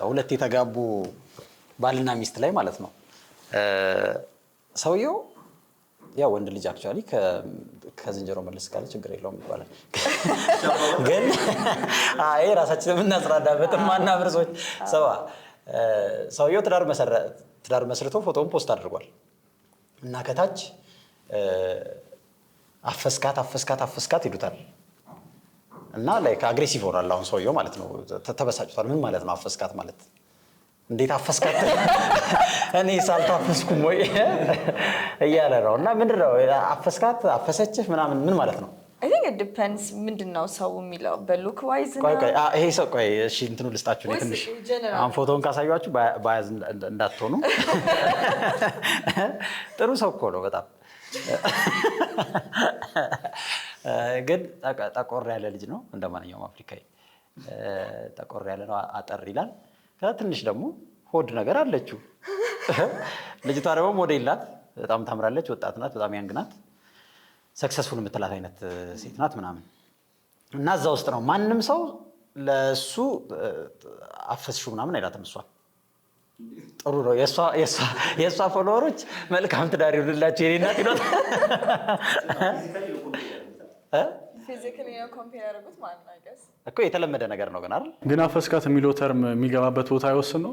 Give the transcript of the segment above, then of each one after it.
የሚሰጠው ሁለት የተጋቡ ባልና ሚስት ላይ ማለት ነው። ሰውየው ያ ወንድ ልጅ አክቹዋሊ ከዝንጀሮ መለስ ካለ ችግር የለውም ይባላል። ግን አይ ራሳችን የምናስራዳበት ማናምር ሰዎች ሰባ ሰውየው ትዳር መስርቶ ፎቶውን ፖስት አድርጓል እና ከታች አፈስካት አፈስካት አፈስካት ይሉታል እና ላይክ አግሬሲቭ ሆናል አሁን ሰውየው ማለት ነው። ተበሳጭቷል። ምን ማለት ነው አፈስካት ማለት እንዴት አፈስካት እኔ ሳልታፈስኩም ወይ እያለ ነው። እና ምንድነው አፈስካት አፈሰችህ ምናምን ምን ማለት ነው? ዲፐንስ ምንድን ነው ሰው የሚለው በሉክ ሰው ቆይ እሺ እንትኑ ልስጣችሁ ትንሽ አሁን ፎቶውን ካሳያችሁ ባያዝ እንዳትሆኑ። ጥሩ ሰው እኮ ነው በጣም ግን ጠቆር ያለ ልጅ ነው እንደ ማንኛውም አፍሪካዊ ጠቆር ያለ ነው፣ አጠር ይላል። ከዛ ትንሽ ደግሞ ሆድ ነገር አለችው። ልጅቷ ደግሞ ሞዴል ናት፣ በጣም ታምራለች፣ ወጣት ናት፣ በጣም ያንግ ናት፣ ሰክሰስፉል የምትላት አይነት ሴት ናት ምናምን እና እዛ ውስጥ ነው ማንም ሰው ለእሱ አፈስሹ ምናምን አይላትም እሷ ጥሩ ነው። የእሷ ፎሎወሮች መልካም ትዳር ይሁንላችሁ የኔ እናት ይሏታል። እኮ የተለመደ ነገር ነው ግን አይደል? ግን አፈስካት የሚለው ተርም የሚገባበት ቦታ አይወስን ነው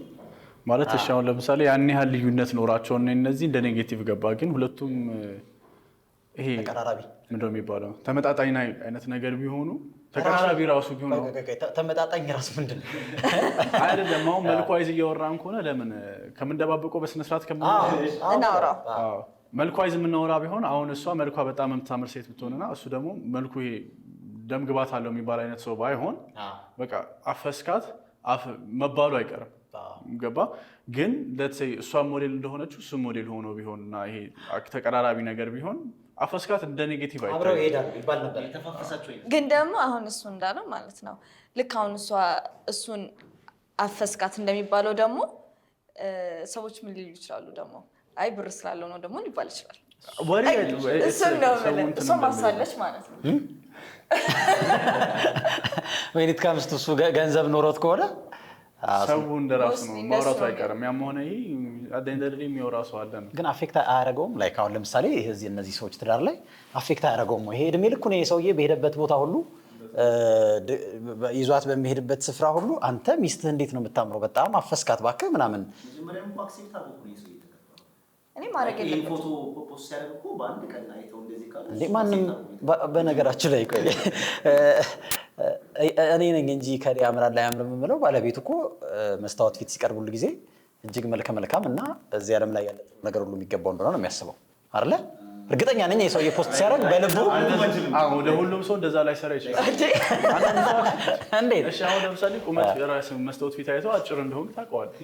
ማለት እሺ። አሁን ለምሳሌ ያን ያህል ልዩነት ኖራቸው እነዚህ እንደ ኔጌቲቭ ገባ፣ ግን ሁለቱም ይሄ ተቀራራቢ ምንድነው የሚባለው ተመጣጣኝ አይነት ነገር ቢሆኑ ተቀራራቢ ራሱ ቢሆኑ ተመጣጣኝ ራሱ ምንድን ነው አይደለም። አሁን መልኳ ይዝ እያወራን ከሆነ ለምን ከምንደባበቀው በስነስርዓት ከምናወራው መልኳ ይዝ የምናወራ ቢሆን አሁን እሷ መልኳ በጣም የምታምር ሴት ብትሆንና እሱ ደግሞ መልኩ ደም ግባት አለው የሚባል አይነት ሰው ባይሆን በቃ አፈስካት መባሉ አይቀርም። ገባ ግን እሷ ሞዴል እንደሆነችው እሱ ሞዴል ሆኖ ቢሆን እና ይሄ ተቀራራቢ ነገር ቢሆን አፈስካት እንደ ኔጌቲቭ ይባል ነበር። ግን ደግሞ አሁን እሱ እንዳለው ማለት ነው ልክ አሁን እሷ እሱን አፈስካት እንደሚባለው ደግሞ ሰዎች ምን ሊሉ ይችላሉ ደግሞ አይ ብር ስላለው ነው ደግሞ ሊባል ይችላል። እሱን ነው እሷ ማሳለች ማለት ነው። ወይኒት ከምስት እሱ ገንዘብ ኖሮት ከሆነ ሰው እንደራሱ ነው ማውራቱ አይቀርም። ያም ሆነ የሚያወራ ሰው አለ ነው። ግን አፌክት አያደርገውም። ላይ አሁን ለምሳሌ እዚህ እነዚህ ሰዎች ትዳር ላይ አፌክት አያደርገውም። ይሄ እድሜ ልኩ ይሄ የሰውዬ በሄደበት ቦታ ሁሉ ይዟት በሚሄድበት ስፍራ ሁሉ አንተ ሚስትህ እንዴት ነው የምታምረው፣ በጣም አፈስካት ባክህ ምናምን እኔ ማድረግ ፎቶ ፖስት በአንድ ቀን እንደዚህ ካለ እንዴ ማንም። በነገራችን ላይ ቆይ እኔ ነኝ እንጂ ከእኔ ያምራል አያምርም የምለው ባለቤት እኮ መስታወት ፊት ሲቀርብ ሁሉ ጊዜ እጅግ መልከ መልካም እና እዚህ ዓለም ላይ ያለ ነገር ሁሉ የሚገባው እንደሆነ ነው የሚያስበው አይደለ? እርግጠኛ ነኝ የሰውዬ ፖስት ሲያደርግ በልቡ ሁሉም ሰው እንደዛ ላይ ሰራ ይችላል። እንዴት አሁን ለምሳሌ ቁመት ራስ መስታወት ፊት አይተው አጭር እንደሆን ታውቀዋለህ።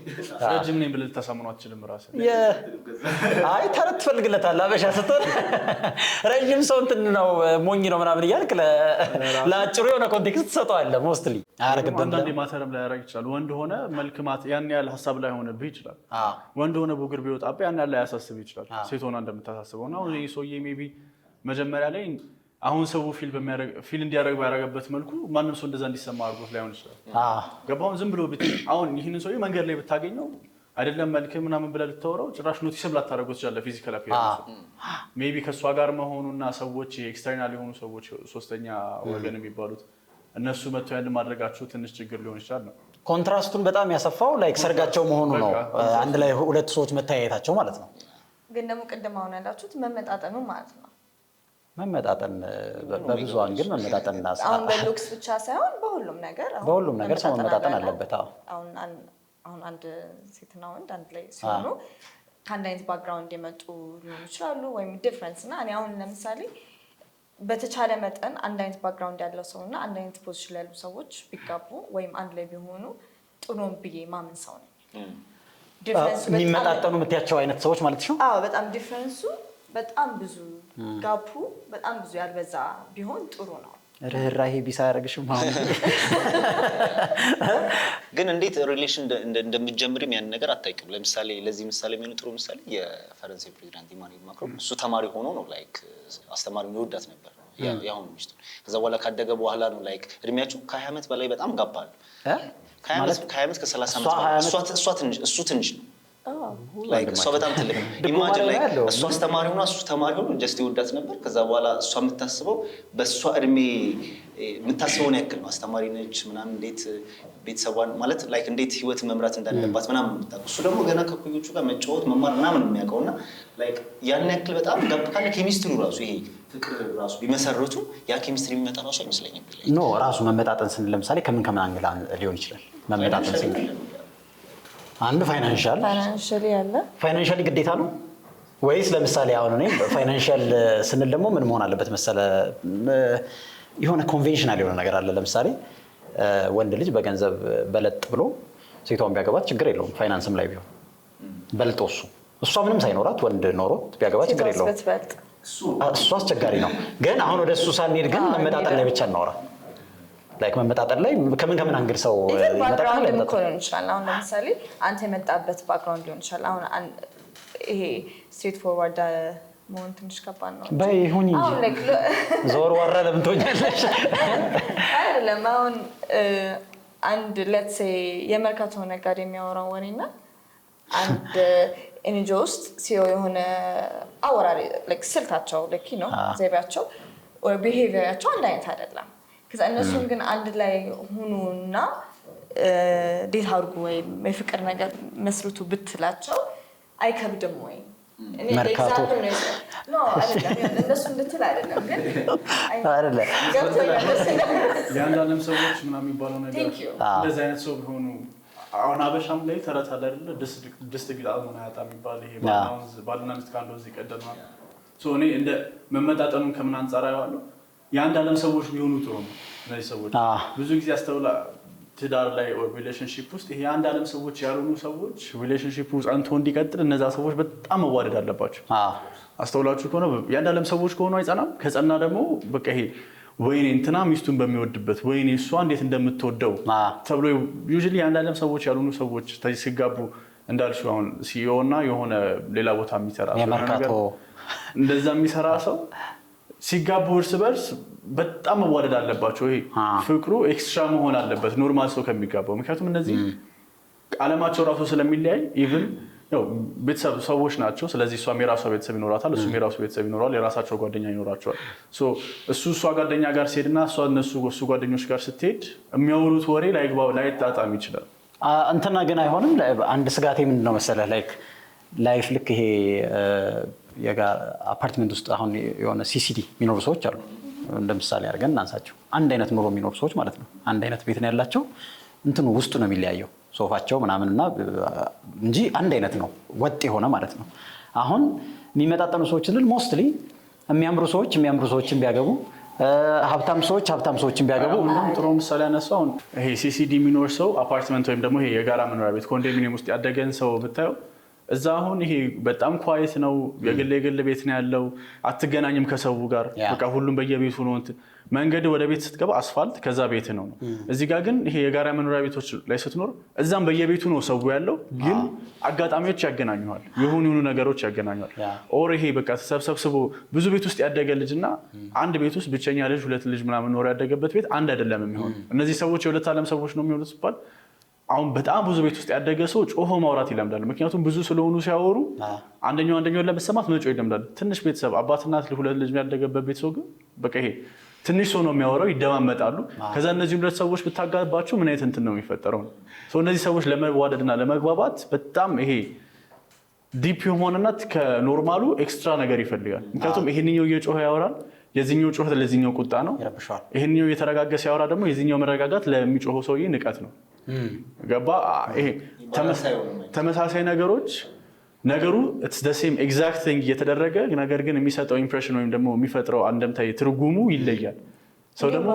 ረጅም ነኝ ብለህ ልታሳምነው አትችልም። ራስ አይ ተረት ትፈልግለታለህ። አበሻ ስትሆን ረጅም ሰው እንትን ነው ሞኝ ነው ምናምን እያልክ ለአጭሩ የሆነ ኮንቴክስት ትሰጠዋለህ። ሞስትሊ አያረግብህም። አንዳንዴ ማተርም ላይ ያረግ ይችላል። ወንድ ሆነ መልክ ማት ያን ያህል ሀሳብ ላይ ሆነብህ ይችላል። ወንድ ሆነ ቡግር ቢወጣብህ ያን ያህል ላይ ያሳስብ ይችላል። ሴት ሆና እንደምታሳስበው ሰውዬ ሜይ ቢ መጀመሪያ ላይ አሁን ሰው ፊል እንዲያደረግ እንዲያደርግ መልኩ ማንም ሰው እንደዛ እንዲሰማ አድርጎት ላይሆን ይችላል። ገባሁን ዝም ብሎ አሁን ይህንን ሰውዬ መንገድ ላይ ብታገኘው አይደለም መልክ ምናምን ብለህ ልታወራው ጭራሽ ኖቲስም ላታደርጎት ትችላለ። ፊዚካል ሜይ ቢ ከእሷ ጋር መሆኑና ሰዎች ኤክስተርናል የሆኑ ሰዎች ሶስተኛ ወገን የሚባሉት እነሱ መጥተው ያንን ማድረጋቸው ትንሽ ችግር ሊሆን ይችላል ነው ኮንትራስቱን በጣም ያሰፋው ላይክ ሰርጋቸው መሆኑ ነው። አንድ ላይ ሁለት ሰዎች መተያየታቸው ማለት ነው። ግን ደግሞ ቅድም አሁን ያላችሁት መመጣጠኑ ማለት ነው። መመጣጠን በብዙ ግን መመጣጠን እና አሁን በሉክስ ብቻ ሳይሆን በሁሉም ነገር በሁሉም ነገር ሰው መመጣጠን አለበት። አሁን አንድ ሴትና ወንድ አንድ ላይ ሲሆኑ ከአንድ አይነት ባክግራውንድ የመጡ ሊሆኑ ይችላሉ ወይም ዲፍረንስ እና እኔ አሁን ለምሳሌ በተቻለ መጠን አንድ አይነት ባክግራውንድ ያለው ሰው እና አንድ አይነት ፖዚሽን ላይ ያሉ ሰዎች ቢጋቡ ወይም አንድ ላይ ቢሆኑ ጥሩን ብዬ ማምን ሰው ነኝ። የሚመጣጠኑ የምትያቸው አይነት ሰዎች ማለት ነው። አዎ በጣም ዲፍረንሱ በጣም ብዙ ጋፑ በጣም ብዙ ያልበዛ ቢሆን ጥሩ ነው። ርህራሄ ቢስ አያደርግሽም። ግን እንዴት ሪሌሽን እንደምትጀምሪም ያን ነገር አታውቂም። ለምሳሌ ለዚህ ምሳሌ የሚሆን ጥሩ ምሳሌ የፈረንሳይ ፕሬዚዳንት ኢማኑኤል ማክሮን እሱ ተማሪ ሆኖ ነው ላይክ አስተማሪ የሚወዳት ነበር ያሁኑ ሚስቱ። ከዛ በኋላ ካደገ በኋላ ነው ላይክ እድሜያቸው ከሀያ ዓመት በላይ በጣም ጋባሉ ከሀያ ዓመት ከሰላሳ ዓመት እሱ ትንሽ ነው እሷ በጣም ትልቅ ኢማጂን ላይ እሷ አስተማሪ ሆና እሱ ተማሪ ሆኖ ጀስት ይወዳት ነበር። ከዛ በኋላ እሷ የምታስበው በእሷ እድሜ የምታስበውን ያክል ነው። አስተማሪ ነች ምናምን እንዴት ቤተሰቧን ማለት ላይክ እንዴት ህይወት መምራት እንዳለባት ምናምን የምታውቀው እሱ ደግሞ ገና ከኩዮቹ ጋር መጫወት መማር ምናምን የሚያውቀው እና ላይክ ያን ያክል በጣም ጋብ ካለ ኬሚስትሪው ራሱ ይሄ ፍቅር ራሱ ቢመሰረቱ ያ ኬሚስትሪ የሚመጣ ራሱ አይመስለኝም። ኖ ራሱ መመጣጠን ስንል ለምሳሌ ከምን ከምን አንግላ ሊሆን ይችላል መመጣጠን ስንል አንድ ፋይናንሻል ፋይናንሻል ግዴታ ነው ወይስ ለምሳሌ አሁን እኔ ፋይናንሻል ስንል ደግሞ ምን መሆን አለበት መሰለ፣ የሆነ ኮንቬንሽናል የሆነ ነገር አለ። ለምሳሌ ወንድ ልጅ በገንዘብ በለጥ ብሎ ሴቷን ቢያገባት ችግር የለውም። ፋይናንስም ላይ ቢሆን በልጦ እሱ እሷ ምንም ሳይኖራት ወንድ ኖሮ ቢያገባ ችግር የለውም። እሱ አስቸጋሪ ነው። ግን አሁን ወደ እሱ ሳንሄድ ግን መመጣጠን ላይ ብቻ እናወራ ላይክ መመጣጠር ላይ ከምን ከምን አንግድ ሰው ባክግራውንድ ሊሆን ይችላል። አሁን ለምሳሌ አንተ የመጣበት ባክግራውንድ ሊሆን ይችላል። አሁን ይሄ ስትሬት ፎርዋርድ uh, መሆን ትንሽ ከባድ ነው። ይሁን ዞር ወረ ለምን ትሆኛለሽ? አይደለም አሁን አንድ ለትሴ የመርካቶ ነጋዴ የሚያወራው ወሬና አንድ ኤንጆ ውስጥ ሲዮ e የሆነ አወራሪ ስልታቸው ልክ ነው፣ ዘይቤያቸው ቢሄቪራቸው አንድ አይነት አይደለም። ከዛ እነሱም ግን አንድ ላይ ሁኑና ዴት አድርጉ ወይም የፍቅር ነገር መስርቱ ብትላቸው አይከብድም ወይ? እነሱ የአንዳንድም ሰዎች ምናምን የሚባለው ነገር እንደዚህ አይነት ሰው ቢሆኑ አሁን አበሻም ላይ ተረት አለ አይደለ? ድስት ግጣሙን ያጣ የሚባል ይሄ ባልና ሚስት ካለው እዚህ ቀደም እኔ እንደ መመጣጠኑን ከምን አንጻር አየዋለሁ የአንድ ዓለም ሰዎች ሊሆኑ ጥሩ ነው። እነዚህ ሰዎች ብዙ ጊዜ አስተውላ ትዳር ላይ ሪሌሽንሽፕ ውስጥ ይሄ የአንድ ዓለም ሰዎች ያልሆኑ ሰዎች ሪሌሽንሽፕ ጸንቶ እንዲቀጥል እነዛ ሰዎች በጣም መዋደድ አለባቸው። አስተውላችሁ ከሆነ የአንድ ዓለም ሰዎች ከሆኑ አይጸናም። ከጸና ደግሞ በቃ ይሄ ወይኔ እንትና ሚስቱን በሚወድበት ወይኔ እሷ እንዴት እንደምትወደው ተብሎ ዩዥሊ የአንድ ዓለም ሰዎች ያልሆኑ ሰዎች ሲጋቡ እንዳልሽ አሁን ሲዮና የሆነ ሌላ ቦታ የሚሰራ እንደዛ የሚሰራ ሰው ሲጋቡ እርስ በርስ በጣም መዋደድ አለባቸው። ይሄ ፍቅሩ ኤክስትራ መሆን አለበት ኖርማል ሰው ከሚጋባው። ምክንያቱም እነዚህ አለማቸው ራሱ ስለሚለያይ ኢቭን ቤተሰብ ሰዎች ናቸው። ስለዚህ እሷም የራሷ ቤተሰብ ይኖራታል፣ እሱም የራሱ ቤተሰብ ይኖረዋል፣ የራሳቸው ጓደኛ ይኖራቸዋል። እሱ እሷ ጓደኛ ጋር ሲሄድና እሷ እነሱ እሱ ጓደኞች ጋር ስትሄድ የሚያወሩት ወሬ ላይጣጣም ይችላል። እንትና ግን አይሆንም። አንድ ስጋቴ ምንድነው ነው መሰለህ ላይክ ላይፍ ልክ ይሄ አፓርትመንት ውስጥ አሁን የሆነ ሲሲዲ የሚኖሩ ሰዎች አሉ። እንደምሳሌ አርገን አድርገን እናንሳቸው። አንድ አይነት ኑሮ የሚኖሩ ሰዎች ማለት ነው። አንድ አይነት ቤት ነው ያላቸው፣ እንትኑ ውስጡ ነው የሚለያየው፣ ሶፋቸው ምናምንና እንጂ አንድ አይነት ነው፣ ወጥ የሆነ ማለት ነው። አሁን የሚመጣጠኑ ሰዎች ስንል ሞስትሊ የሚያምሩ ሰዎች የሚያምሩ ሰዎችን ቢያገቡ ሀብታም ሰዎች ሀብታም ሰዎችን ቢያገቡ ሁም ጥሩ ምሳሌ ያነሳው ይሄ ሲሲዲ የሚኖር ሰው አፓርትመንት ወይም ደግሞ የጋራ መኖሪያ ቤት ኮንዶሚኒየም ውስጥ ያደገን ሰው ብታየው እዛ አሁን ይሄ በጣም ኳየት ነው። የግል የግል ቤት ነው ያለው። አትገናኝም ከሰው ጋር በቃ ሁሉም በየቤቱ ነው። መንገድ ወደ ቤት ስትገባ አስፋልት፣ ከዛ ቤት ነው ነው። እዚህ ጋር ግን ይሄ የጋራ መኖሪያ ቤቶች ላይ ስትኖር እዛም በየቤቱ ነው ሰው ያለው፣ ግን አጋጣሚዎች ያገናኙሃል፣ የሆኑ የሆኑ ነገሮች ያገናኙሃል። ኦር ይሄ በቃ ተሰብሰብስቦ ብዙ ቤት ውስጥ ያደገ ልጅ እና አንድ ቤት ውስጥ ብቸኛ ልጅ ሁለት ልጅ ምናምን ኖሮ ያደገበት ቤት አንድ አይደለም የሚሆን። እነዚህ ሰዎች የሁለት ዓለም ሰዎች ነው የሚሆኑት ሲባል አሁን በጣም ብዙ ቤት ውስጥ ያደገ ሰው ጮሆ ማውራት ይለምዳል። ምክንያቱም ብዙ ስለሆኑ ሲያወሩ አንደኛው አንደኛውን ለመሰማት መጮ ይለምዳል። ትንሽ ቤተሰብ አባትና ሁለት ልጅ ያደገበት ቤተሰብ ግን በቃ ይሄ ትንሽ ሰው ነው የሚያወራው፣ ይደማመጣሉ። ከዛ እነዚህ ሁለት ሰዎች ብታጋባቸው ምን አይነት እንትን ነው የሚፈጠረው እነዚህ ሰዎች ለመዋደድና ለመግባባት በጣም ይሄ ዲፕ የሆነና ከኖርማሉ ኤክስትራ ነገር ይፈልጋል። ምክንያቱም ይሄንኛው እየጮኸ ያወራል የዚህኛው ጩኸት ለዚኛው ቁጣ ነው። ይሄንኛው እየተረጋገ ሲያወራ ደግሞ የዚህኛው መረጋጋት ለሚጮኸው ሰውዬ ንቀት ነው። ገባ ይሄ ተመሳሳይ ነገሮች ነገሩ ሴም ኤግዛክት እየተደረገ ነገር ግን የሚሰጠው ኢምፕሬሽን ወይም ደግሞ የሚፈጥረው አንደምታ ትርጉሙ ይለያል። ሰው ደግሞ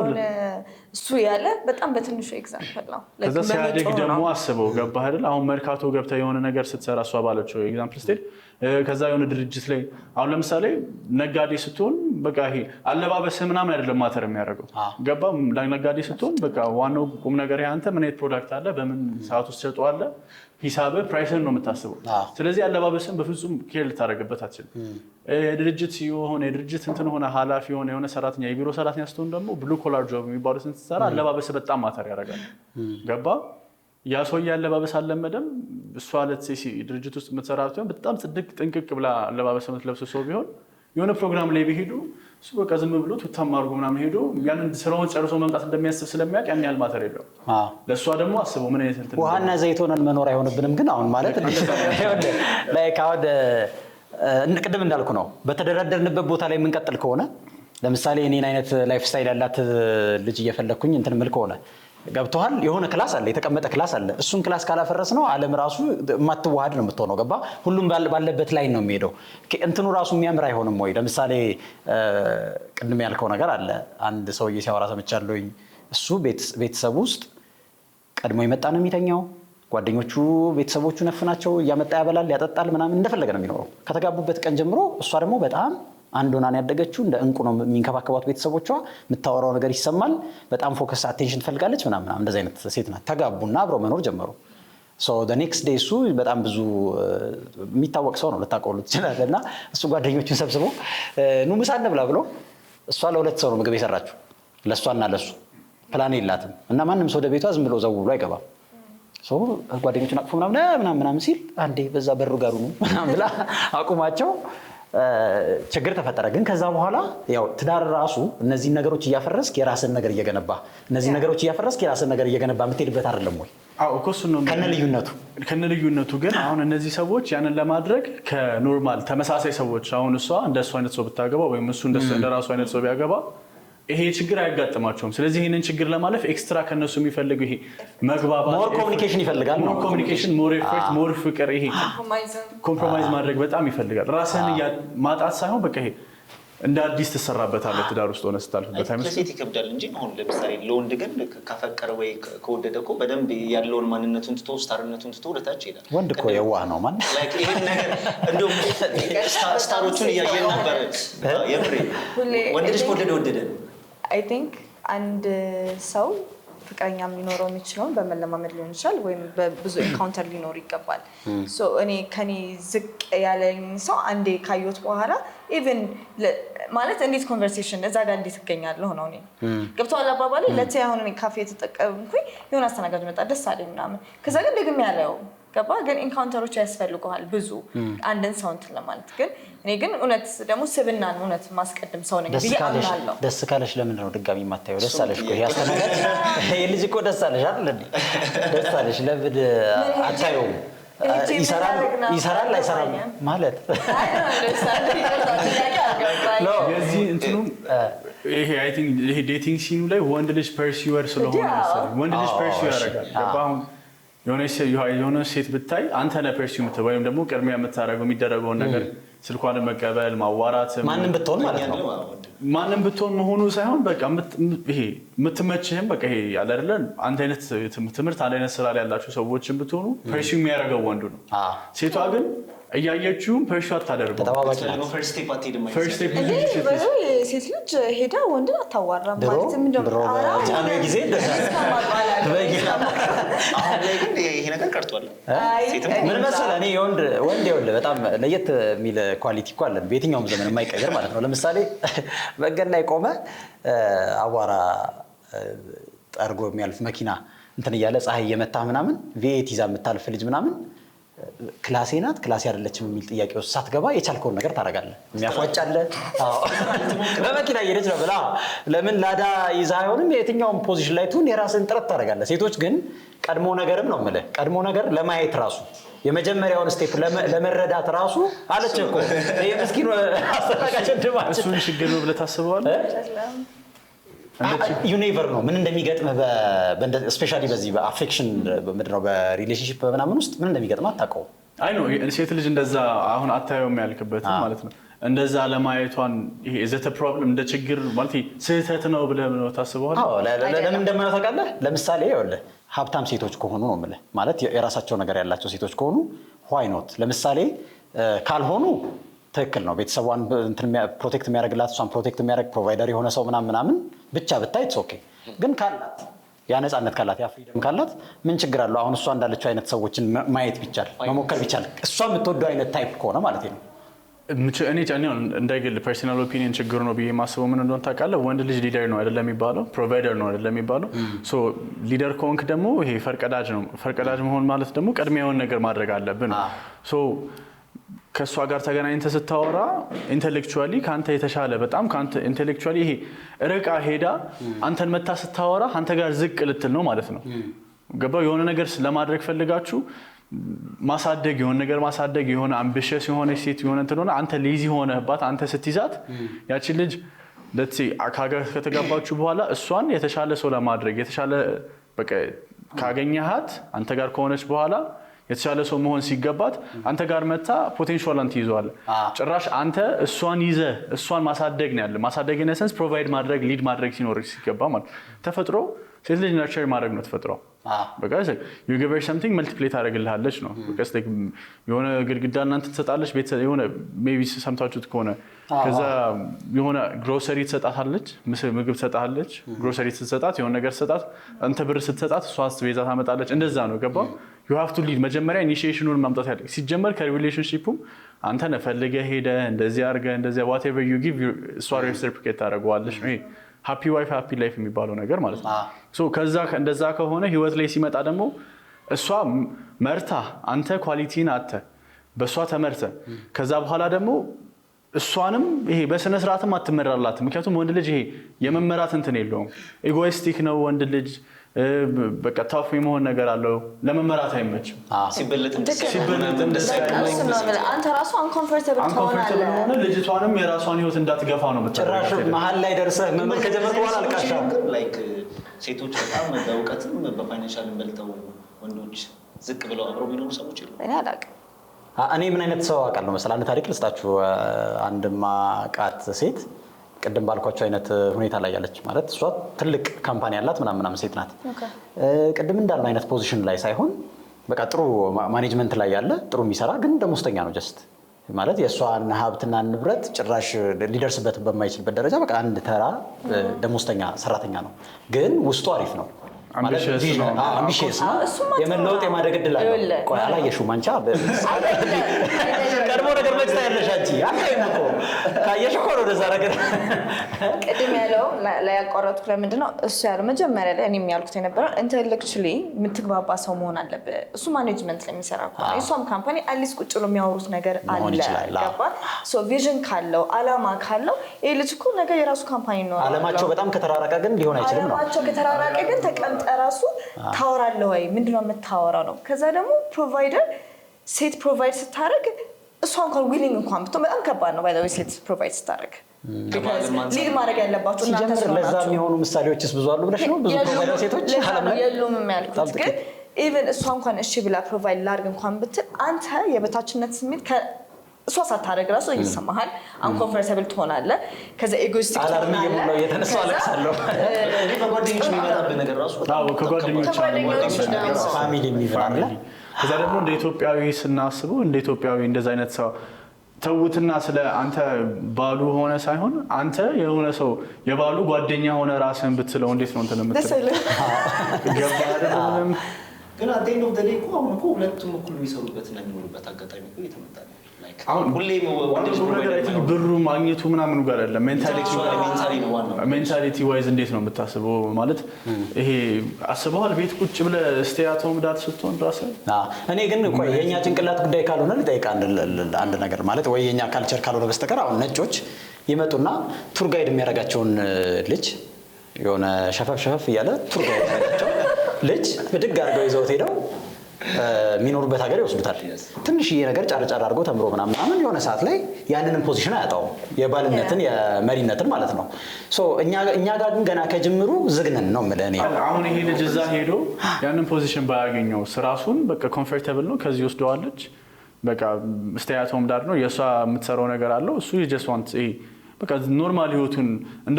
እሱ ያለ በጣም በትንሹ ኤግዛምፕል ነው። ከዛ ሲያድግ ደግሞ አስበው ገባህ አይደል? አሁን መርካቶ ገብተህ የሆነ ነገር ስትሰራ እሷ ባለችው ኤግዛምፕል ስትሄድ ከዛ የሆነ ድርጅት ላይ አሁን ለምሳሌ ነጋዴ ስትሆን በቃ ይሄ አለባበስህ ምናምን አይደለም ማተር የሚያደርገው ገባ። ነጋዴ ስትሆን በቃ ዋናው ቁም ነገር አንተ ምን አይነት ፕሮዳክት አለ፣ በምን ሰዓት ውስጥ ትሸጠዋለህ ሂሳብ ፕራይስን ነው የምታስበው። ስለዚህ አለባበስን በፍጹም ኬር ልታደረግበት አትችልም። የድርጅት የሆነ የድርጅት እንትን ሆነ ኃላፊ የሆነ የሆነ ሰራተኛ የቢሮ ሰራተኛ ስትሆን ደግሞ ብሉ ኮላር ጆብ የሚባሉትን ስትሰራ አለባበስ በጣም ማተር ያደርጋል። ገባ ያ ሰውዬ አለባበስ አልለመደም። እሷ ለት ድርጅት ውስጥ የምትሰራ ብትሆን በጣም ጥንቅቅ ብላ አለባበስ የምትለብስ ሰው ቢሆን የሆነ ፕሮግራም ላይ ቢሄዱ እሱ በቃ ዝም ብሎ ቱታም አድርጎ ምናምን ሄዶ ያንን ስራውን ጨርሶ መምጣት እንደሚያስብ ስለሚያውቅ ያን ያህል ማተር የለው። ለእሷ ደግሞ አስበው ምን አይነት ውሃና ዘይት ሆነን መኖር አይሆንብንም። ግን አሁን ማለት አሁን ቅድም እንዳልኩ ነው፣ በተደረደርንበት ቦታ ላይ የምንቀጥል ከሆነ ለምሳሌ እኔን አይነት ላይፍ ስታይል ያላት ልጅ እየፈለግኩኝ እንትን ምል ከሆነ ገብተዋል። የሆነ ክላስ አለ፣ የተቀመጠ ክላስ አለ። እሱን ክላስ ካላፈረስ ነው አለም ራሱ የማትዋሃድ ነው የምትሆነው። ገባ ሁሉም ባለበት ላይ ነው የሚሄደው። እንትኑ ራሱ የሚያምር አይሆንም ወይ? ለምሳሌ ቅድም ያልከው ነገር አለ። አንድ ሰውዬ ሲያወራ ሰምቻለኝ እሱ ቤተሰብ ውስጥ ቀድሞ የመጣ ነው የሚተኛው። ጓደኞቹ ቤተሰቦቹ ነፍናቸው እያመጣ ያበላል፣ ያጠጣል፣ ምናምን እንደፈለገ ነው የሚኖረው ከተጋቡበት ቀን ጀምሮ። እሷ ደግሞ በጣም አንድ ሆናን ያደገችው። እንደ እንቁ ነው የሚንከባከባት ቤተሰቦቿ። የምታወራው ነገር ይሰማል። በጣም ፎከስ አቴንሽን ትፈልጋለች ምናምን። እንደዚህ አይነት ሴት ናት። ተጋቡና አብረው መኖር ጀመሩ። ኔክስት ዴይ እሱ በጣም ብዙ የሚታወቅ ሰው ነው፣ ልታቀሉ ትችላለ። እና እሱ ጓደኞቹን ሰብስቦ ኑ ምሳ እንብላ ብሎ እሷ ለሁለት ሰው ነው ምግብ የሰራችው ለእሷና ለሱ ፕላን የላትም እና ማንም ሰው ወደ ቤቷ ዝም ብሎ ዘው ብሎ አይገባም። ጓደኞቹን አቅፎ ምናምን ምናምን ሲል አንዴ በዛ በሩ ጋሩ ነው ብላ አቁማቸው ችግር ተፈጠረ። ግን ከዛ በኋላ ያው ትዳር ራሱ እነዚህን ነገሮች እያፈረስክ የራስን ነገር እየገነባ እነዚህ ነገሮች እያፈረስክ የራስን ነገር እየገነባ የምትሄድበት አይደለም ወይ? ከነ ልዩነቱ ከነ ልዩነቱ። ግን አሁን እነዚህ ሰዎች ያንን ለማድረግ ከኖርማል ተመሳሳይ ሰዎች አሁን እሷ እንደሱ አይነት ሰው ብታገባ ወይም እሱ እንደራሱ አይነት ሰው ቢያገባ ይሄ ችግር አያጋጥማቸውም። ስለዚህ ይህንን ችግር ለማለፍ ኤክስትራ ከነሱ የሚፈልጉ ይሄ መግባባት፣ ሞር ኮሚኒኬሽን ይፈልጋል። ሞር ኮሚኒኬሽን፣ ሞር ኤፈርት፣ ሞር ፍቅር፣ ይሄ ኮምፕሮማይዝ ማድረግ በጣም ይፈልጋል። ራስህን ማጣት ሳይሆን በቃ ይሄ እንደ አዲስ ትሰራበታለህ። ትዳር ውስጥ ሆነ ስታልፍበት ሴት ይከብዳል እንጂ አሁን ለምሳሌ ለወንድ ግን ከፈቀረ ወይ ከወደደ እኮ በደንብ ያለውን ማንነቱን ትቶ ስታርነቱን ትቶ ወደታች ይሄዳል። ወንድ እኮ የዋህ ነው። ማን ይህን እንደውም ስታሮቹን እያየን ነበር። የምሬ ወንድ ልጅ ከወደደ ወደደ ነው አይ ቲንክ አንድ ሰው ፍቅረኛ የሚኖረው የሚችለውን በመለማመድ ሊሆን ይችላል፣ ወይም በብዙ ኤንካውንተር ሊኖር ይገባል። hmm. እኔ ከኔ ዝቅ ያለኝ ሰው አንዴ ካየሁት በኋላ ኢቨን ማለት እንዴት ኮንቨርሴሽን እዛ ጋር እንዴት እገኛለሁ ነው እኔ hmm. ገብተዋል አባባሌ። hmm. ለቴ አሁን ካፌ የተጠቀምኩኝ የሆነ አስተናጋጅ መጣ ደስ አለኝ ምናምን፣ ከዛ ግን ደግሜ ያለው ገባ ግን ኢንካውንተሮች ያስፈልገዋል ብዙ አንድን ሰው እንትን ለማለት ግን እኔ ግን እውነት ደግሞ ስብናን እውነት ማስቀድም ሰው ነኝ ብዬ ደስ ካለሽ ለምን ነው ድጋሚ የማታየው? ደስ አለሽ እኮ ያስተናገድ የልጅ እኮ ደስ አለሽ አለ ደስ አለሽ ለምን አታየውም? ይሰራል አይሰራም ማለት ይሄ ዴቲንግ ሲኑ ላይ ወንድ ልጅ ፐርሲወር ስለሆነ ወንድ ልጅ ፐርሲው ያደርጋል የሆነ ሴት ብታይ አንተ ነህ ፐርሲው የምትለው ወይም ደግሞ ቅድሚያ የምታደርገው የሚደረገውን ነገር ስልኳን መቀበል፣ ማዋራት፣ ማንም ብትሆን ማለት ነው ማንም ብትሆን መሆኑ ሳይሆን በቃ ይሄ የምትመችህም በቃ ይሄ ያለ አይደለ አንድ አይነት ትምህርት አንድ አይነት ስራ ላይ ያላችሁ ሰዎችን ብትሆኑ ፐርሲው የሚያደርገው ወንዱ ነው። ሴቷ ግን እያየችውም ፐርሲው አታደርገው ሴት ልጅ ሄዳ ወንድን አታዋራም ማለት ምንድነው ጊዜ ይሄ ነገር ቀርቷል። ምን መሰለ እኔ ወንድ ወንድ ይኸውልህ በጣም ለየት የሚል ኳሊቲ እኮ አለን በየትኛውም ዘመን የማይቀየር ማለት ነው። ለምሳሌ መንገድ ላይ ቆመ አቧራ ጠርጎ የሚያልፍ መኪና እንትን እያለ ፀሐይ እየመታ ምናምን ቪኤት ይዛ የምታልፍ ልጅ ምናምን ክላሴ ናት ክላሴ አይደለችም የሚል ጥያቄ ውስጥ ሳትገባ የቻልከውን ነገር ታደርጋለህ። የሚያፏጫለ በመኪና እየሄደች ነው ብላ ለምን ላዳ ይዛ አይሆንም። የትኛውን ፖዚሽን ላይ ትሁን የራስን ጥረት ታደርጋለህ። ሴቶች ግን ቀድሞ ነገርም ነው ምለ ቀድሞ ነገር ለማየት ራሱ የመጀመሪያውን ስቴፕ ለመረዳት ራሱ አለች እኮ ምስኪን አስተናጋጅ ድማችን እሱን ችግር ነው ብለ ታስበዋል ዩኔቨር ነው ምን እንደሚገጥም ስፔሻሊ በዚህ በአፌክሽን ምንድን በሪሌሽንሽፕ በምናምን ውስጥ ምን እንደሚገጥም አታውቀውም። አይ ነው ሴት ልጅ እንደዛ አሁን አታየውም ያልክበት ማለት ነው እንደዛ ለማየቷን ዘተ ፕሮብለም እንደ ችግር ማለት ስህተት ነው ብለህ ነው ታስበዋል። ለምን እንደምነው ታውቃለህ? ለምሳሌ ይኸውልህ ሀብታም ሴቶች ከሆኑ ነው ምለ ማለት የራሳቸው ነገር ያላቸው ሴቶች ከሆኑ ዋይ ኖት ለምሳሌ ካልሆኑ ትክክል ነው። ቤተሰቧን ፕሮቴክት የሚያደርግላት እሷን ፕሮቴክት የሚያደርግ ፕሮቫይደር የሆነ ሰው ምናምን ምናምን ብቻ ብታይ ኦኬ። ግን ካላት ያ ነፃነት ካላት ያ ፍሪደም ካላት ምን ችግር አለው? አሁን እሷ እንዳለችው አይነት ሰዎችን ማየት ቢቻል መሞከር ቢቻል እሷ የምትወደው አይነት ታይፕ ከሆነ ማለት ነው። እኔ እንደግል ፐርሰናል ኦፒኒየን ችግር ነው ብዬ ማስበው ምን እንደሆነ ታውቃለህ? ወንድ ልጅ ሊደር ነው አይደለም የሚባለው፣ ፕሮቫይደር ነው አይደለም የሚባለው። ሶ ሊደር ከሆንክ ደግሞ ይሄ ፈርቀዳጅ ነው። ፈርቀዳጅ መሆን ማለት ደግሞ ቅድሚያ ነገር ማድረግ አለብን። ከእሷ ጋር ተገናኝተ ስታወራ ኢንቴሌክቹዋሊ ከአንተ የተሻለ በጣም ከአንተ ኢንቴሌክቹዋሊ ይሄ ርቃ ሄዳ አንተን መታ ስታወራ አንተ ጋር ዝቅ ልትል ነው ማለት ነው። ገባው የሆነ ነገር ለማድረግ ፈልጋችሁ ማሳደግ የሆነ ነገር ማሳደግ የሆነ አምቢሽስ የሆነ ሴት የሆነ እንትን ሆነ አንተ ሌዚ ሆነህባት አንተ ስትይዛት ያችን ልጅ ለት ከሀገር ከተጋባችሁ በኋላ እሷን የተሻለ ሰው ለማድረግ የተሻለ በቃ ካገኘሃት አንተ ጋር ከሆነች በኋላ የተሻለ ሰው መሆን ሲገባት አንተ ጋር መታ ፖቴንሻሏን ትይዘዋለህ። ጭራሽ አንተ እሷን ይዘ እሷን ማሳደግ ነው ያለ ማሳደግ ነሰንስ ፕሮቫይድ ማድረግ ሊድ ማድረግ ሲኖር ሲገባ ማለት ተፈጥሮ ሴት ልጅ ናቸር ማድረግ ነው ተፈጥሮ በቃ ሰምቲንግ መልቲፕሌት ታደርግልሃለች ነው የሆነ ግድግዳ እናንተ ትሰጣለች የሆነ ሜቢ ሰምታችሁት ከሆነ ከዛ የሆነ ግሮሰሪ ትሰጣታለች ምግብ ትሰጣለች ግሮሰሪ ስትሰጣት የሆነ ነገር ስትሰጣት አንተ ብር ስትሰጣት እሷ ቤዛ ታመጣለች እንደዛ ነው ገባ ዩ ሃቭ ቱ ሊድ መጀመሪያ ኢኒሽሽኑን ማምጣት ያለ ሲጀመር ከሪሌሽንሽፑም አንተ ነህ ፈልገህ ሄደህ እንደዚህ አድርገህ እንደዚያ ዋቴቨር ዩ ጊቭ እሷ ሬስርፕኬት ታደረገዋለች ነው ሃፒ ዋይፍ ሃፒ ላይፍ የሚባለው ነገር ማለት ነው። ከዛ እንደዛ ከሆነ ህይወት ላይ ሲመጣ ደግሞ እሷ መርታ አንተ ኳሊቲን አተ በእሷ ተመርተ ከዛ በኋላ ደግሞ እሷንም ይሄ በስነስርዓትም ስርዓትም አትመራላትም። ምክንያቱም ወንድ ልጅ ይሄ የመመራት እንትን የለውም። ኤጎይስቲክ ነው ወንድ ልጅ በቃ ታፍ የመሆን ነገር አለው። ለመመራት አይመችም። አንተ ራሱ አንኮንፈርተብል ሆነ ልጅቷንም የራሷን ህይወት እንዳትገፋ ነው። ጭራሽ መሀል ላይ ደርሰህ መመር ከጀመርክ በኋላ አልቃሻ ሴቶች በጣም በእውቀትም በፋይናንሻል በልተው ወንዶች ዝቅ ብለው አብረው የሚኖሩ ሰዎች የሉ። እኔ ምን አይነት ሰው አውቃለሁ መሰለህ? አንድ ታሪክ ልስጣችሁ። አንድማ ቃት ሴት ቅድም ባልኳቸው አይነት ሁኔታ ላይ ያለች ማለት እሷ ትልቅ ካምፓኒ ያላት ምናምናም ሴት ናት። ቅድም እንዳልነው አይነት ፖዚሽን ላይ ሳይሆን በቃ ጥሩ ማኔጅመንት ላይ ያለ ጥሩ የሚሰራ ግን ደሞዝተኛ ነው ጀስት ማለት የእሷን ሀብትና ንብረት ጭራሽ ሊደርስበት በማይችልበት ደረጃ በቃ አንድ ተራ ደሞዝተኛ ሰራተኛ ነው። ግን ውስጡ አሪፍ ነው አምቢሽየስ ነው የመለወጥ የማደግ ዕድል አለው። ቆይ አላየሽውም አንቺ ቀድሞ ነገር መች ታያለሽ አንቺ አታይም እኮ ካየሽ እኮ ነው ወደዛ ነገር ቅድም ያለው ላይ ያቋረጥኩ ለምንድን ነው እሱ ያለው መጀመሪያ ላይ እኔም ያልኩት የነበረው ኢንቴሌክቹዋሊ የምትግባባ ሰው መሆን አለብህ። እሱ ማኔጅመንት ላይ የሚሰራ ከሆነ እሷም ካምፓኒ አትሊስት ቁጭ ብሎ የሚያወሩት ነገር አለ ገባል። ቪዥን ካለው አላማ ካለው ይህ ልጅ እኮ ነገ የራሱ ካምፓኒ ነው። አለማቸው በጣም ከተራራቀ ግን ሊሆን አይችልም አለማቸው ከተራራቀ ግን ተቀ ስትመጣ ራሱ ታወራለህ ወይ ምንድነው የምታወራ ነው። ከዛ ደግሞ ፕሮቫይደር ሴት ፕሮቫይድ ስታደርግ እሷ እንኳን ዊሊንግ እንኳን ብትሆን በጣም ከባድ ነው። ባይዘ ሴት ፕሮቫይድ ስታደርግ ሊድ ማድረግ ያለባቸው ሲጀምር ለዛ የሚሆኑ ምሳሌዎችስ ብዙ አሉ ብለሽ ነው ብዙ ፕሮቫይደር ሴቶች የሉም ያልኩት ግን ኢቨን እሷ እንኳን እሺ ብላ ፕሮቫይድ ላድርግ እንኳን ብትል አንተ የበታችነት ስሜት እሷ ሳታደርግ ራሱ ይሰማሃል። አንኮንፈርታብል ትሆናለ። ከዛ ኤጎይስቲክ ከዛ ደግሞ እንደ ኢትዮጵያዊ ስናስበው እንደ ኢትዮጵያዊ እንደዚ አይነት ሰው ተውትና ስለ አንተ ባሉ ሆነ ሳይሆን አንተ የሆነ ሰው የባሉ ጓደኛ ሆነ ራስህን ብትለው እንዴት ነው እንትን የምትለው ግን አቴንድ እንደው ዘ ዴይ እኮ አሁን እኮ ሁለቱም እኩል የሚሰሩበትና የሚኖሩበት አጋጣሚ እኮ እየተመጣ ነው አሁን ብሩ ማግኘቱ ምናምኑ ጋር አይደለም። ሜንታሊቲ ሜንታሊቲ ዋይዝ እንዴት ነው የምታስበው? ማለት hmm. ይሄ አስበዋል። ቤት ቁጭ ብለህ ስቴያቶ ምዳት ስትሆን ራስህ እኔ ግን የእኛ ጭንቅላት ጉዳይ ካልሆነ ልጠይቅ አንድ ነገር ማለት ወይ የእኛ ካልቸር ካልሆነ በስተቀር አሁን ነጮች ይመጡና ቱር ጋይድ የሚያደርጋቸውን ልጅ የሆነ ሸፈፍ ሸፈፍ እያለ ቱር ጋይድ የሚያደርጋቸው ልጅ ብድግ አድርገው ይዘውት ሄደው የሚኖሩበት ሀገር ይወስዱታል። ትንሽዬ ነገር ጫርጫር አድርገው ተምሮ ምናምን የሆነ ሰዓት ላይ ያንንም ፖዚሽን አያጣውም፣ የባልነትን የመሪነትን ማለት ነው። እኛ ጋር ግን ገና ከጅምሩ ዝግነን ነው የምልህ እኔ። አሁን ይሄ ልጅ እዛ ሄዶ ያንን ፖዚሽን ባያገኘው ስራሱን በቃ ኮምፎርተብል ነው ከዚህ ወስደዋለች፣ በቃ ስተያቶም ዳር ነው የእሷ የምትሰራው ነገር አለው እሱ የጀስዋንት በቃ ኖርማል ህይወቱን እንደ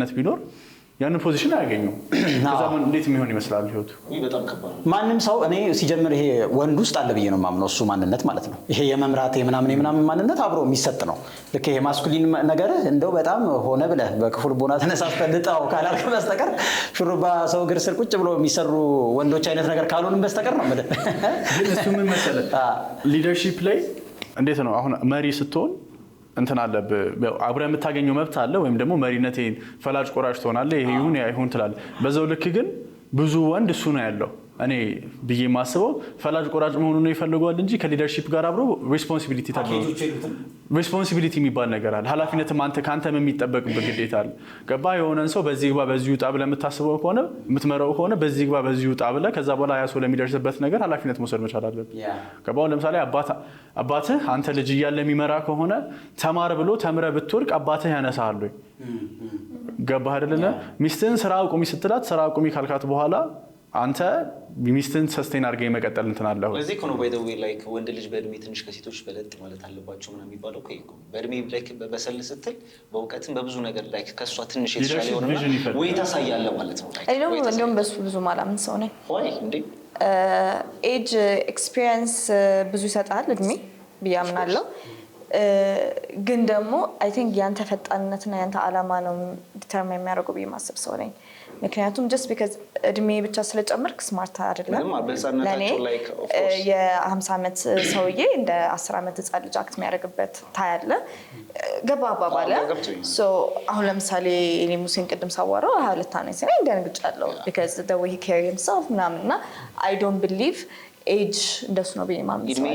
ወደ ቢኖር ያንን ፖዚሽን አያገኙም። እንዴት የሚሆን ይመስላል ህይወቱ? ማንም ሰው እኔ ሲጀምር ይሄ ወንድ ውስጥ አለ ብዬ ነው የማምነው። እሱ ማንነት ማለት ነው። ይሄ የመምራት የምናምን የምናምን ማንነት አብሮ የሚሰጥ ነው። ልክ ይሄ ማስኩሊን ነገር እንደው በጣም ሆነ ብለህ በክፉ ልቦና ተነሳስተህ ልጣው ካላልክ በስተቀር ሹሩባ ሰው እግር ስር ቁጭ ብሎ የሚሰሩ ወንዶች አይነት ነገር ካልሆንም በስተቀር ነው የምልህ። ግን እሱ ምን መሰለህ ሊደርሺፕ ላይ እንዴት ነው አሁን መሪ ስትሆን እንትን አለ አብረ የምታገኘው መብት አለ ወይም ደግሞ መሪነት ፈላጭ ቆራጭ ትሆናለ። ይሄ ይሁን ይሁን ትላለ። በዛው ልክ ግን ብዙ ወንድ እሱ ነው ያለው እኔ ብዬ የማስበው ፈላጅ ቆራጭ መሆኑን ነው ይፈልገዋል እንጂ ከሊደርሺፕ ጋር አብሮ ሬስፖንሲቢሊቲ ሪስፖንሲቢሊቲ የሚባል ነገር አለ። ኃላፊነትም አንተ ከአንተም የሚጠበቅበት ግዴታ አለ። ገባ የሆነን ሰው በዚህ ግባ በዚህ ውጣ ብለህ የምታስበው ከሆነ የምትመራው ከሆነ በዚህ ግባ በዚህ ውጣ ብለህ ከዛ በኋላ ያ ሰው ለሚደርስበት ነገር ኃላፊነት መውሰድ መቻል አለብህ። ገባሁን? ለምሳሌ አባትህ አንተ ልጅ እያለ የሚመራ ከሆነ ተማር ብሎ ተምረህ ብትወድቅ አባትህ ያነሳሃል ወይ? ገባህ አይደለ? ሚስትህን ስራ አቁሚ ስትላት ስራ አቁሚ ካልካት በኋላ አንተ ሚስትን ሰስቴን አድርገ የመቀጠል እንትን አለሁ። ለዚህ እኮ ነው ባይዘዌ ላይክ ወንድ ልጅ በእድሜ ትንሽ ከሴቶች በለጥ ማለት አለባቸው ምናምን የሚባለው እኮ በእድሜ ላይክ በሰል ስትል በእውቀትም በብዙ ነገር ላይክ ከእሷ ትንሽ የተሻለ የሆነና ወይ ታሳያለህ ማለት ነው። እንደውም በሱ ብዙ ማላምን ሰው ነኝ። ኤጅ ኤክስፒሪየንስ ብዙ ይሰጣል እድሜ ብዬ አምናለሁ። ግን ደግሞ አይ ቲንክ ያንተ ፈጣንነትና ያንተ አላማ ነው ዲተርማ የሚያደርገው ብዬ ማሰብ ሰው ነኝ። ምክንያቱም ጀስት ቢካዝ እድሜ ብቻ ስለጨመርክ ስማርት አይደለም። ለእኔ የሀምሳ ዓመት ሰውዬ እንደ 10 ዓመት ህፃ ልጅ አክት የሚያደርግበት ታያለ። ገባ አባባለ። አሁን ለምሳሌ እኔ ሙሴን ቅድም ሳዋረው ሀያ ሁለት ሲ ሲሆን አለው ቢካዝ ዘ ዌይ ሂ ካሪ ሂምሰልፍ ምናምን እና አይ ዶንት ቢሊቭ ኤጅ እንደሱ ነው ብዬ ማምን ነው። ኢድሜ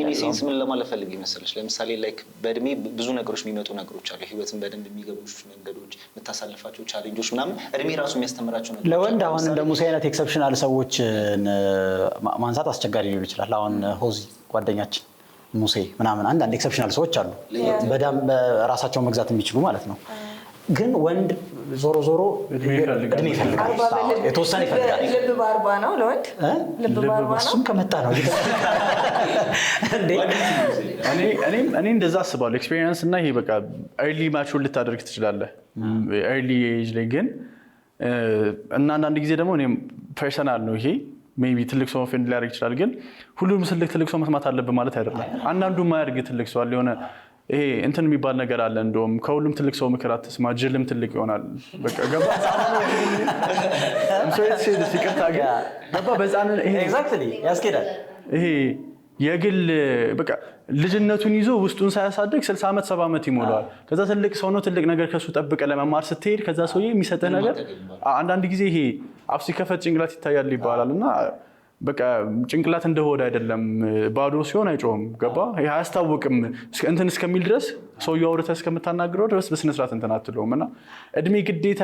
ምን ለማለት ፈልግ ይመስለች? ለምሳሌ ላይክ በእድሜ ብዙ ነገሮች የሚመጡ ነገሮች አሉ። ህይወትን በደንብ የሚገቡ መንገዶች፣ የምታሳልፋቸው ቻሌንጆች ምናምን እድሜ ራሱ የሚያስተምራቸው ነገሮች። ለወንድ አሁን እንደ ሙሴ አይነት ኤክሰፕሽናል ሰዎች ማንሳት አስቸጋሪ ሊሆን ይችላል። አሁን ሆዚ ጓደኛችን ሙሴ ምናምን አንዳንድ ኤክሰፕሽናል ሰዎች አሉ፣ በደንብ ራሳቸውን መግዛት የሚችሉ ማለት ነው። ግን ወንድ ዞሮ ዞሮ እድሜ ይፈልጋል፣ የተወሰነ በአርባ ነው ለወንድ እሱም ከመጣ ነው። እኔ እንደዛ አስባለሁ። ኤክስፔሪየንስ እና ይሄ በቃ ኤርሊ ልታደርግ ትችላለህ፣ ኤርሊ ኤጅ ላይ ግን እና አንዳንድ ጊዜ ደግሞ እኔም ፐርሰናል ነው ይሄ ሜይ ቢ ትልቅ ሰው ኦፌንድ ሊያደርግ ይችላል። ግን ሁሉም ትልቅ ሰው መስማት አለብን ማለት አይደለም። አንዳንዱ ትልቅ የሆነ ይሄ እንትን የሚባል ነገር አለ። እንደውም ከሁሉም ትልቅ ሰው ምክር አትስማ፣ ጅልም ትልቅ ይሆናል። ይሄ የግል በቃ ልጅነቱን ይዞ ውስጡን ሳያሳድግ ስልሳ ዓመት ሰባ ዓመት ይሞላዋል። ከዛ ትልቅ ሰው ነው ትልቅ ነገር ከሱ ጠብቀ ለመማር ስትሄድ ከዛ ሰውዬ የሚሰጠህ ነገር አንዳንድ ጊዜ ይሄ አፍ ሲከፈት ጭንቅላት ይታያል ይባላል እና በቃ ጭንቅላት እንደሆድ አይደለም። ባዶ ሲሆን አይጮህም። ገባ አያስታውቅም። እንትን እስከሚል ድረስ ሰውዬው አውርተህ እስከምታናግረው ድረስ በስነስርዓት እንትን አትለውም። እና እድሜ ግዴታ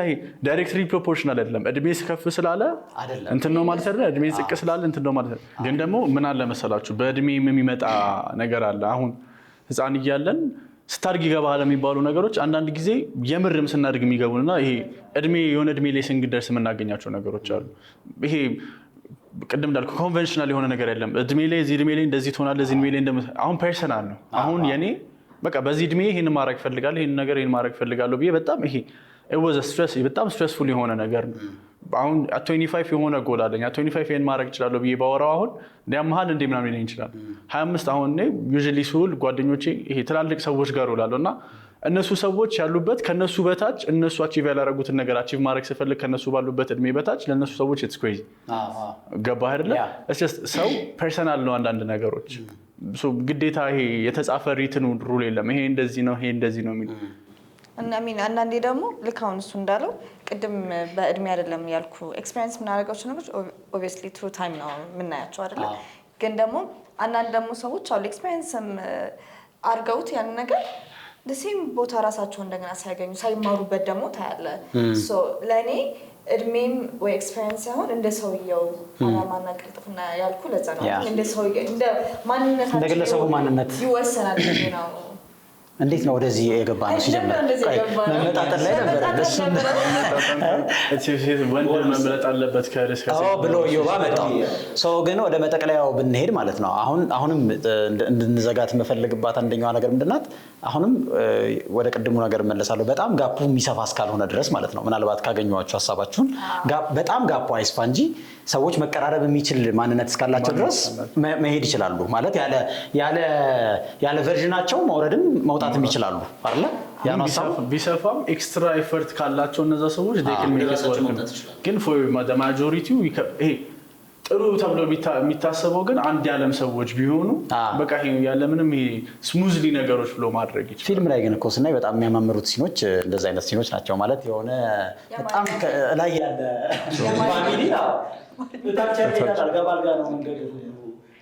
ዳይሬክትሊ ፕሮፖርሽናል አይደለም። እድሜ ስከፍ ስላለ እንትን ነው ማለት አይደለም። እድሜ ዝቅ ስላለ እንትን ነው ማለት አይደለም። ግን ደግሞ ምን አለ መሰላችሁ በእድሜ የሚመጣ ነገር አለ። አሁን ህፃን እያለን ስታድግ ይገባሃል የሚባሉ ነገሮች አንዳንድ ጊዜ የምርም ስናድግ የሚገቡንና ይሄ እድሜ የሆነ እድሜ ላይ ስንደርስ የምናገኛቸው ነገሮች አሉ። ይሄ ቅድም እንዳልኩ ኮንቨንሽናል የሆነ ነገር የለም። እድሜ ላይ እዚህ እድሜ ላይ እንደዚህ ትሆናለህ፣ እዚህ እድሜ ላይ አሁን ፐርሰናል ነው። አሁን የኔ በቃ በዚህ እድሜ ይህን ማድረግ እፈልጋለሁ፣ ይህን ነገር ይህን ማድረግ እፈልጋለሁ ብዬ በጣም ይሄ በጣም ስትረስፉል የሆነ ነገር ነው። አሁን ትዌንቲ ፋይቭ የሆነ ጎል አለኝ ትዌንቲ ፋይቭ ይህን ማድረግ እችላለሁ ብዬ ባወራው አሁን እንዲያ መሀል እንደ ምናምን ይለኝ ይችላል። ሀያ አምስት አሁን ዩዥዋሊ ስውል ጓደኞቼ ይሄ ትላልቅ ሰዎች ጋር እውላለሁ እና እነሱ ሰዎች ያሉበት ከነሱ በታች እነሱ አቺቭ ያላረጉትን ነገር አቺቭ ማድረግ ስፈልግ ከነሱ ባሉበት እድሜ በታች ለእነሱ ሰዎች ኢትስ ክሬዚ ገባህ አይደለ? ሰው ፐርሰናል ነው አንዳንድ ነገሮች ግዴታ ይሄ የተጻፈ ሪትን ሩል የለም። ይሄ እንደዚህ ነው፣ ይሄ እንደዚህ ነው የሚል ሚን አንዳንዴ ደግሞ ልክ አሁን እሱ እንዳለው ቅድም በእድሜ አይደለም ያልኩ ኤክስፔሪንስ የምናደርጋቸው ነገሮች ኦብቪየስሊ ትሩ ታይም ነው የምናያቸው አይደለ? ግን ደግሞ አንዳንድ ደግሞ ሰዎች አሉ ኤክስፔሪንስም አድርገውት ያን ነገር ሴም ቦታ ራሳቸው እንደገና ሳያገኙ ሳይማሩበት ደግሞ ታያለ። hmm. ለእኔ እድሜም ወይ ኤክስፔሪንስ ሳይሆን እንደ ሰውየው አላማና ቅልጥፍና ያልኩ ለዛ ነው። እንደ ሰውየው እንደ ማንነታቸው ይወሰናል ነው እንዴት ነው ወደዚህ የገባ ነው? ሲጀምር መመጣጠር ላይ ነበረ አለበት ብሎ ዮባ መጣው ሰው ግን ወደ መጠቅለያው ብንሄድ ማለት ነው። አሁን አሁንም እንድንዘጋት የምፈልግባት አንደኛዋ ነገር ምንድናት? አሁንም ወደ ቅድሙ ነገር እመለሳለሁ። በጣም ጋፑ የሚሰፋ እስካልሆነ ድረስ ማለት ነው። ምናልባት ካገኘኋችሁ ሀሳባችሁን በጣም ጋፑ አይስፋ እንጂ ሰዎች መቀራረብ የሚችል ማንነት እስካላቸው ድረስ መሄድ ይችላሉ ማለት ያለ ቨርዥናቸው መውረድም መውጣት መውጣትም ይችላሉ አለ ቢሰፋም ኤክስትራ ኤፈርት ካላቸው እነዛ ሰዎች ግን ማጆሪቲ ጥሩ ተብሎ የሚታሰበው ግን አንድ የዓለም ሰዎች ቢሆኑ በቃ ያለምንም ስሙዝሊ ነገሮች ብሎ ማድረግ ይችላል። ፊልም ላይ ግን እኮ ስናይ በጣም የሚያማምሩት ሲኖች እንደዚ አይነት ሲኖች ናቸው። ማለት የሆነ በጣም ላይ ያለ ታቸ ነው መንገድ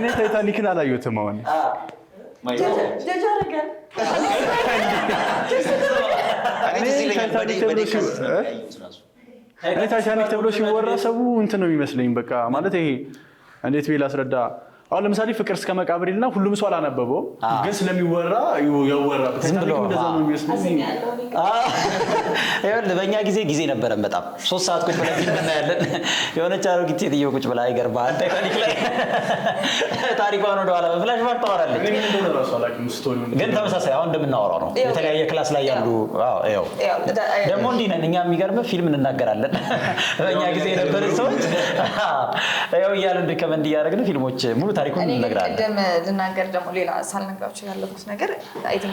እኔ ታይታኒክን አላየሁትም። አሁን እኔ ታይታኒክ ተብሎ ሲወራ ሰው እንትን ነው የሚመስለኝ። በቃ ማለት ይሄ እንዴት ቤል አስረዳ አሁን ለምሳሌ ፍቅር እስከ መቃብር ይልና ሁሉም ሰው አላነበበውም፣ ግን ስለሚወራ ያወራ። ታይታኒክ እንደዛ ነው የሚመስለኝ ይኸውልህ በእኛ ጊዜ ጊዜ ነበረን በጣም ሶስት ሰዓት ቁጭ ብለን ፊልም እናያለን። የሆነች አሮጊት ሴትዮ ቁጭ ብላ ይገርምሃል፣ ታይታኒክ ላይ ታሪኳን ወደኋላ በፍላሽ ባክ ታወራለች። ግን ተመሳሳይ አሁን እንደምናወራው ነው። የተለያየ ክላስ ላይ ያሉ ደግሞ እንዲህ ነን እኛ። የሚገርምህ ፊልም እንናገራለን። በእኛ ጊዜ የነበርን ሰዎች ያው እያልን ድከመ እንዲያደረግን ፊልሞች ሙሉ ታሪኩን እንነግራለን። ቅድም ልናገር ደግሞ ሌላ ሳልነግራችሁ ያለኩት ነገር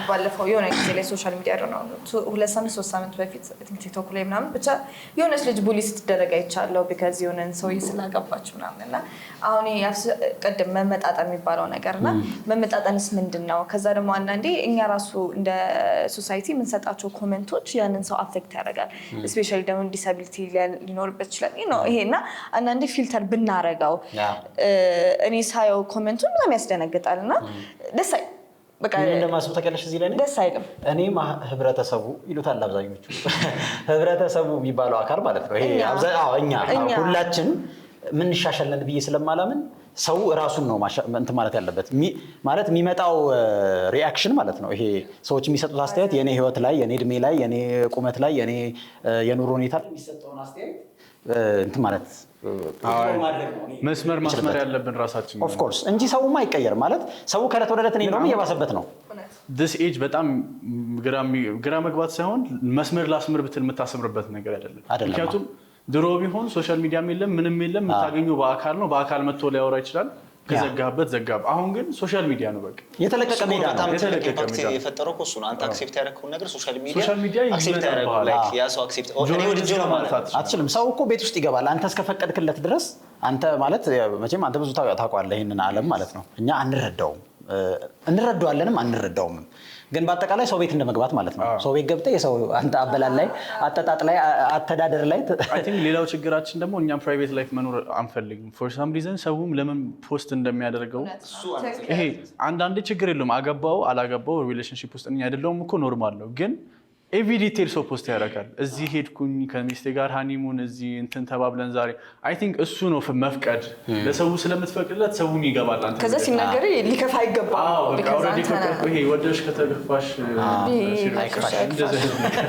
ባለፈው የሆነ ጊዜ ላይ ሶሻል ሚዲያ ነው ሁለት ሳምንት ሶስት ሳምንት በፊት ቲክቶክ ላይ ምናምን ብቻ የሆነች ልጅ ቡሊ ስትደረግ አይቻለው ቢካዝ የሆነን ሰውዬ ስላገባች ምናምን እና አሁን ቅድም መመጣጠን የሚባለው ነገር እና መመጣጠንስ ምንድን ነው? ከዛ ደግሞ አንዳንዴ እኛ ራሱ እንደ ሶሳይቲ የምንሰጣቸው ኮሜንቶች ያንን ሰው አፌክት ያደርጋል። ስፔሻሊ ደግሞ ዲሳቢሊቲ ሊኖርበት ይችላል ነው ይሄ እና አንዳንዴ ፊልተር ብናረገው እኔ ሳየው ኮመንቱ በጣም ያስደነግጣል እና ደስ እንደማስብ ታውቂያለሽ። እዚህ ላይ ደስ አይልም። እኔም ህብረተሰቡ ይሉታል አብዛኞቹ፣ ህብረተሰቡ የሚባለው አካል ማለት ነው። ይሄ እኛ ሁላችን ምንሻሻለን ብዬ ስለማላምን ሰው ራሱን ነው እንትን ማለት ያለበት። ማለት የሚመጣው ሪያክሽን ማለት ነው። ይሄ ሰዎች የሚሰጡት አስተያየት የኔ ህይወት ላይ፣ የኔ እድሜ ላይ፣ የኔ ቁመት ላይ፣ የኔ የኑሮ ሁኔታ የሚሰጠውን አስተያየት እንትን ማለት መስመር ማስመር ያለብን ራሳችን ኦፍኮርስ እንጂ ሰውማ አይቀየርም። ማለት ሰው ከዕለት ወደ ዕለት እኔ ደግሞ እየባሰበት ነው። ዲስ ኤጅ በጣም ግራ መግባት ሳይሆን መስመር ላስምር ብትል የምታስምርበት ነገር አይደለም። ምክንያቱም ድሮ ቢሆን ሶሻል ሚዲያም የለም ምንም የለም፣ የምታገኘው በአካል ነው። በአካል መጥቶ ሊያወራ ይችላል ከዘጋበት ዘጋብ። አሁን ግን ሶሻል ሚዲያ ነው በቃ የተለቀቀ ሜዳ ነው። የፈጠረው እኮ እሱ ነው። አንተ አክሴፕት ያደረግከውን ነገር ሶሻል ሚዲያ አክሴፕት ያ ሰው አክሴፕት እኔ ወድጄ ነው ማለት አትችልም። ሰው እኮ ቤት ውስጥ ይገባል። አንተ እስከፈቀድክለት ድረስ አንተ ማለት መቼም አንተ ብዙ ታውቃለህ ይህንን ዓለም ማለት ነው። እኛ አንረዳውም፣ እንረዳዋለንም አንረዳውምም ግን በአጠቃላይ ሰው ቤት እንደመግባት ማለት ነው። ሰው ቤት ገብተህ የሰው አበላል ላይ፣ አጠጣጥ ላይ፣ አተዳደር ላይ። ሌላው ችግራችን ደግሞ እኛም ፕራይቬት ላይፍ መኖር አንፈልግም። ፎር ሳም ሪዘን ሰውም ለምን ፖስት እንደሚያደርገው ይሄ አንዳንዴ ችግር የለውም አገባው አላገባው ሪሌሽንሽፕ ውስጥ እኔ አይደለሁም እኮ ኖርማል ነው ግን ኤቭሪ ዲቴል ሰው ፖስት ያደርጋል። እዚህ ሄድኩኝ ከሚስቴ ጋር ሃኒሙን እዚህ እንትን ተባብለን ዛሬ አይ ቲንክ እሱ ነው መፍቀድ ለሰው ስለምትፈቅድለት ሰውም ይገባል። ከዛ ሲናገር ሊከፋ አይገባም። ወደሽ ከተገፋሽ አይከፋሽ